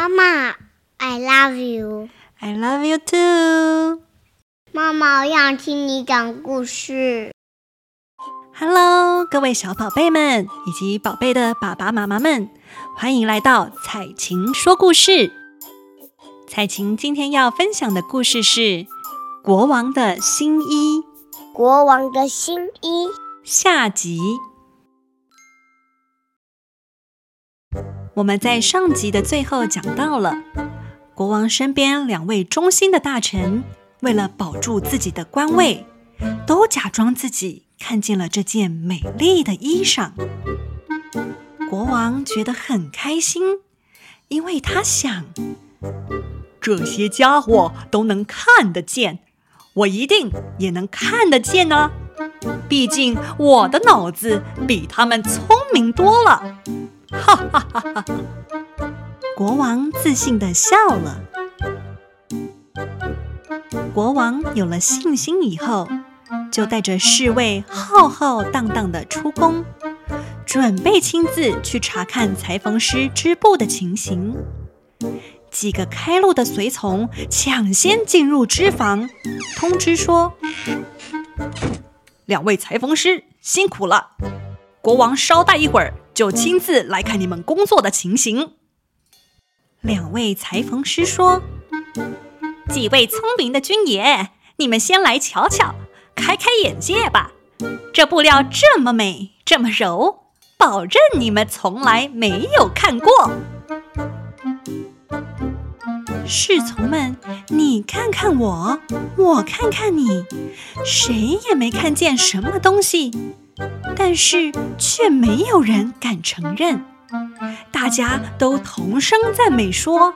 媽媽，I love you. I love you too. 媽媽，我想聽你講故事。Hello，各位小寶貝們以及寶貝的爸爸媽媽們，歡迎來到采晴說故事。采晴今天要分享的故事是《國王的新衣》。國王的新衣下集。我們在上集的最後講到了，國王身邊兩位忠心的大臣，為了保住自己的官位，都假裝自己看見了這件美麗的衣裳。國王覺得很開心，因為他想，這些家伙都能看得見，我一定也能看得見呢、哦。畢竟我的腦子比他們聰明多了。哈！哈哈哈，國王自信的笑了。國王有了信心以後，就帶着侍衛浩浩蕩蕩的出宮，準備親自去查看裁縫師織布的情形。幾個開路的隨從搶先進入織房，通知說：“兩位裁縫師辛苦了，國王稍待一會兒。”就親自來看你們工作的情形。兩位裁縫師說：“幾位聰明的軍爺，你們先來瞧瞧，開開眼界吧。這布料這麼美，這麼柔，保證你們從來沒有看過。”侍從們，你看看我，我看看你，誰也沒看見什麼東西。但是卻沒有人敢承認，大家都同聲讚美說：“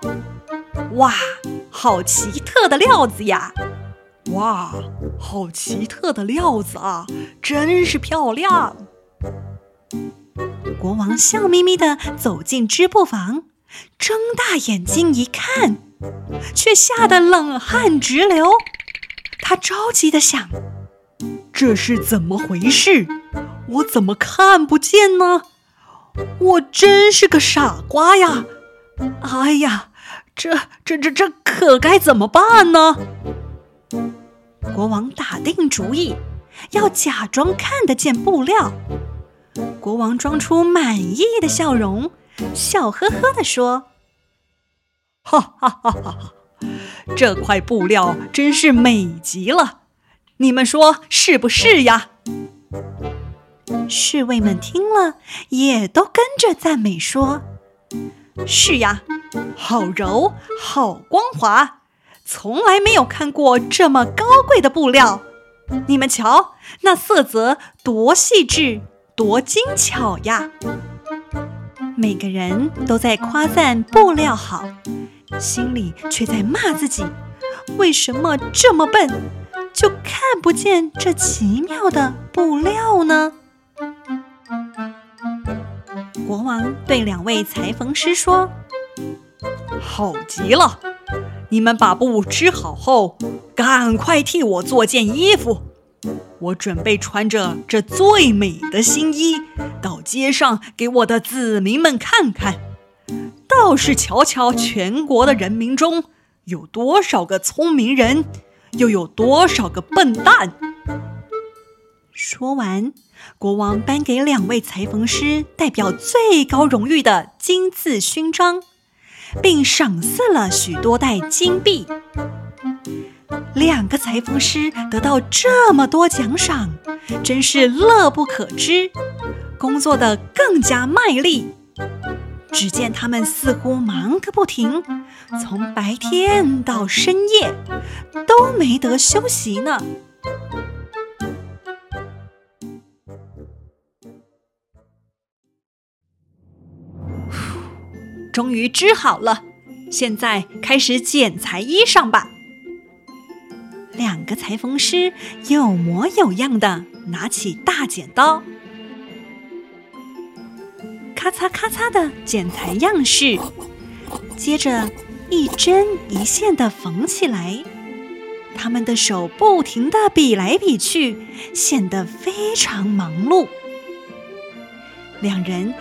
哇，好奇特的料子呀！哇，好奇特的料子啊，真是漂亮！”國王笑眯眯地走進織布房，睜大眼睛一看，卻嚇得冷汗直流。他着急地想，這是怎麼回事？我怎麼看不見呢？我真是個傻瓜呀！哎呀，這這這這可該怎麼辦呢？國王打定主意要假裝看得見布料。國王裝出滿意的笑容，笑呵呵地說：“哈哈哈哈哈，這塊布料真是美極了。”你們說是不是呀？侍衛們聽了，也都跟着讚美說：“是呀，好柔，好光滑，從來沒有看過這麼高貴的布料。你們瞧，那色澤多細緻，多精巧呀！”每個人都在誇讚布料好，心裡卻在罵自己：“為什麼這麼笨？”就看不見這奇妙的布料呢？國王對兩位裁縫師說：“好極了，你們把布織好後，趕快替我做件衣服。我準備穿着這最美的新衣，到街上給我的子民們看看。倒是瞧瞧全國的人民中有多少個聰明人。”又有多少個笨蛋？說完，國王頒給兩位裁縫師代表最高榮譽的金字勳章，並賞賜了許多袋金幣。兩個裁縫師得到這麼多獎賞，真是樂不可支，工作的更加賣力。只見他們似乎忙個不停，從白天到深夜都沒得休息呢。終於織好了，現在開始剪裁衣裳吧。兩個裁縫師有模有樣的拿起大剪刀。咔嚓咔嚓的剪裁樣式，接着一針一線的縫起來，他們的手不停的比來比去，顯得非常忙碌。兩人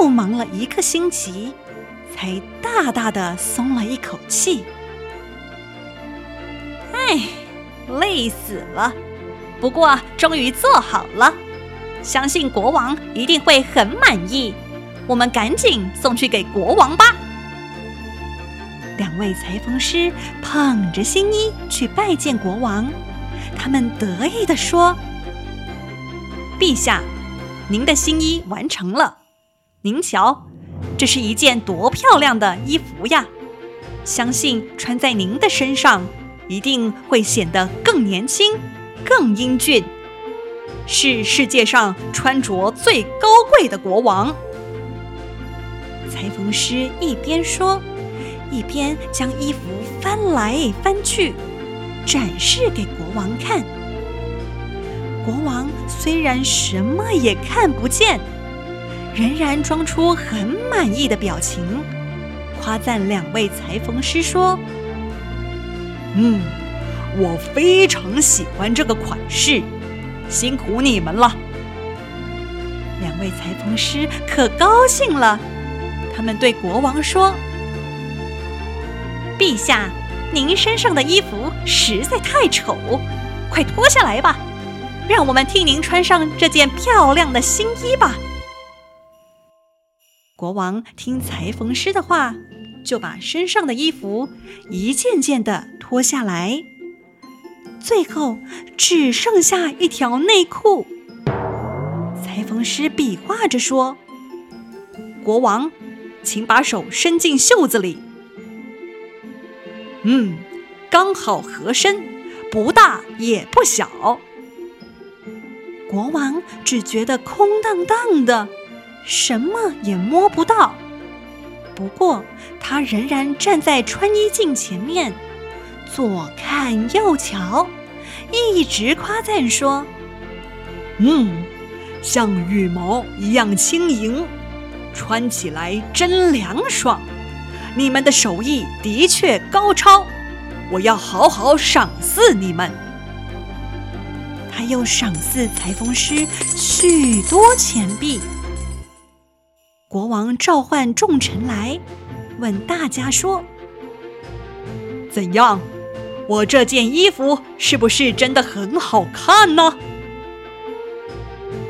又忙了一個星期，才大大的鬆了一口氣。唉，累死了，不過終於做好了，相信國王一定會很滿意。我們趕緊送去給國王吧。兩位裁縫師捧着新衣去拜見國王，他們得意地說：“陛下，您的新衣完成了。您瞧，這是一件多漂亮的衣服呀！相信穿在您的身上，一定會顯得更年輕、更英俊，是世界上穿着最高貴的國王。”裁縫師一邊說，一邊將衣服翻來翻去，展示給國王看。國王雖然什麼也看不見，仍然裝出很滿意的表情，誇讚兩位裁縫師說：“嗯，我非常喜歡這個款式，辛苦你們了。”兩位裁縫師可高興了。他們對國王說：“陛下，您身上的衣服實在太醜，快脫下來吧，讓我們替您穿上這件漂亮的新衣吧。”國王聽裁縫師的話，就把身上的衣服一件件地脫下來，最後只剩下一條內褲。裁縫師比劃着說：“國王。”請把手伸進袖子裡，嗯，剛好合身，不大也不小。國王只覺得空蕩蕩的，什麼也摸不到。不過他仍然站在穿衣鏡前面，左看右瞧，一直誇讚說：“嗯，像羽毛一樣輕盈。”穿起來真涼爽，你們的手藝的確高超，我要好好賞賜你們。他又賞賜裁縫師許多錢幣。國王召喚眾臣來，問大家說：“怎樣？我這件衣服是不是真的很好看呢？”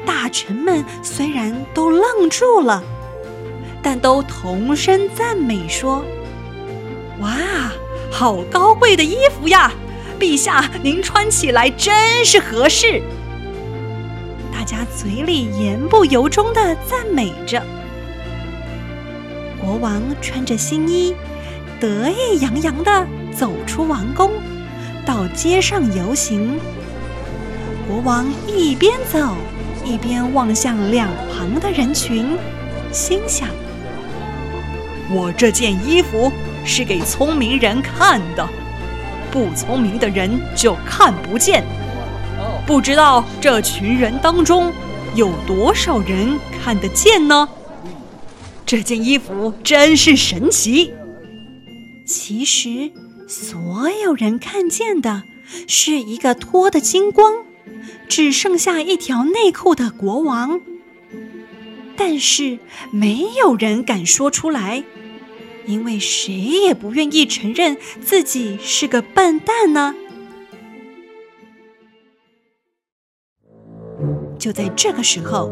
大臣們雖然都愣住了。但都同聲讚美說：“哇，好高貴的衣服呀！陛下您穿起來真是合適。”大家嘴裡言不由衷的讚美着。國王穿着新衣，得意洋洋的走出王宮，到街上遊行。國王一邊走，一邊望向兩旁的人群，心想。我這件衣服是給聰明人看的，不聰明的人就看不見。不知道這群人當中有多少人看得見呢？這件衣服真是神奇。其實所有人看見的是一個脫得精光，只剩下一條內褲的國王，但是沒有人敢說出來。因為誰也不願意承認自己是個笨蛋呢。就在這個時候，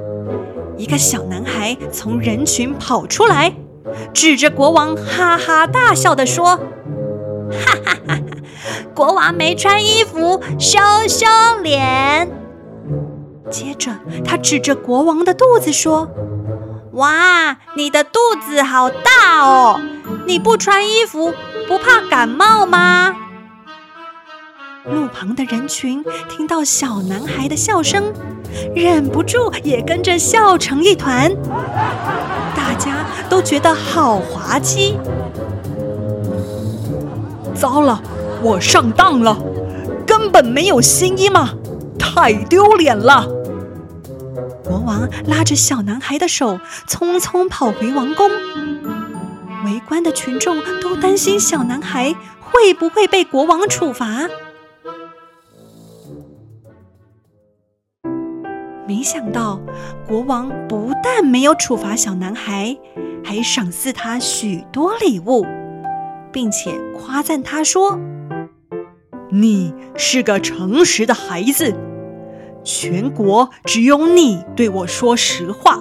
一個小男孩從人群跑出來，指着國王哈哈大笑的說：“哈哈哈哈，國王沒穿衣服，羞羞臉。”接着，他指着國王的肚子說：“哇，你的肚子好大哦！”你不穿衣服不怕感冒嗎？路旁的人群聽到小男孩的笑聲，忍不住也跟着笑成一團，大家都覺得好滑稽。糟了，我上當了，根本沒有新衣嘛，太丟臉了！國王拉着小男孩的手，匆匆跑回王宮。的群眾都擔心小男孩會不會被國王處罰。沒想到，國王不但沒有處罰小男孩，還賞賜他許多禮物，並且誇讚他說：“你是個誠實的孩子，全國只有你對我說實話。”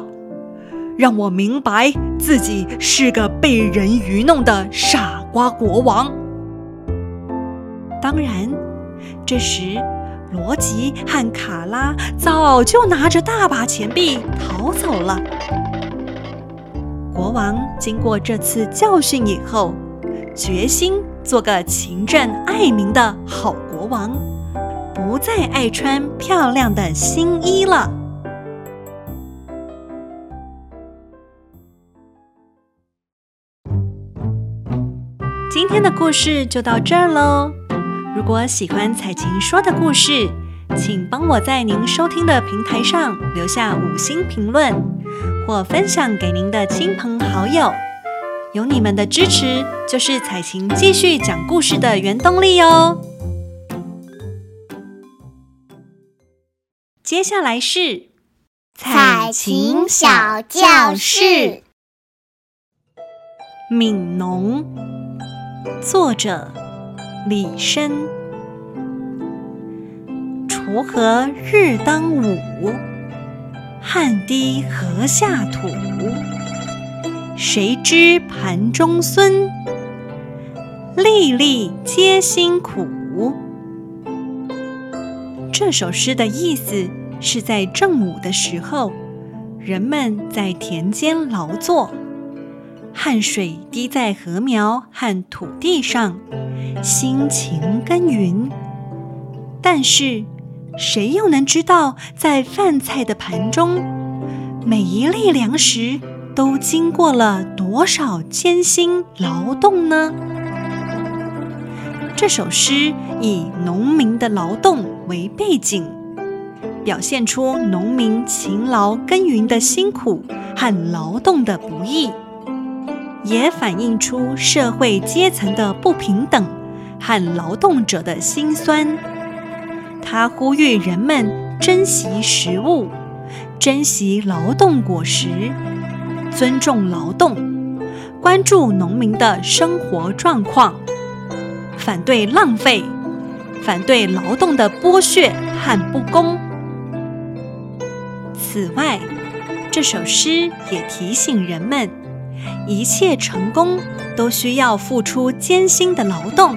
讓我明白自己是個被人愚弄的傻瓜國王。當然，這時羅吉和卡拉早就拿着大把錢幣逃走了。國王經過這次教訓以後，決心做個勤政愛民的好國王，不再愛穿漂亮的新衣了。今天的故事就到這兒嘍。如果喜歡采晴說的故事，請幫我在您收聽的平台上留下五星評論，或分享給您的親朋好友。有你們的支持，就是采晴繼續講故事的原動力喲。接下來是采晴小教室，《憫農》。作者李紳。鋤禾日當午，汗滴禾下土。誰知盤中飧，粒粒皆辛苦。這首詩的意思是在正午的時候，人們在田間勞作。汗水滴在禾苗和土地上，辛勤耕耘。但是，誰又能知道，在飯菜的盤中，每一粒糧食都經過了多少艱辛勞動呢？這首詩以農民的勞動為背景，表現出農民勤勞耕耘的辛苦和勞動的不易。也反映出社會階層的不平等和勞動者的辛酸。他呼籲人們珍惜食物，珍惜勞動果實，尊重勞動，關注農民的生活狀況，反對浪費，反對勞動的剝削和不公。此外，這首詩也提醒人們。一切成功都需要付出艱辛的勞動，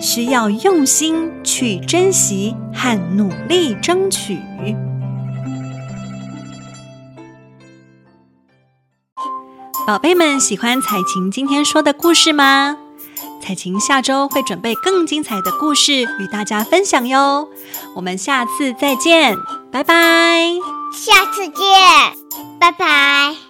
需要用心去珍惜和努力爭取。寶貝們喜歡采晴今天說的故事嗎？采晴下周會準備更精彩的故事與大家分享喲。我們下次再見，拜拜。下次見，拜拜。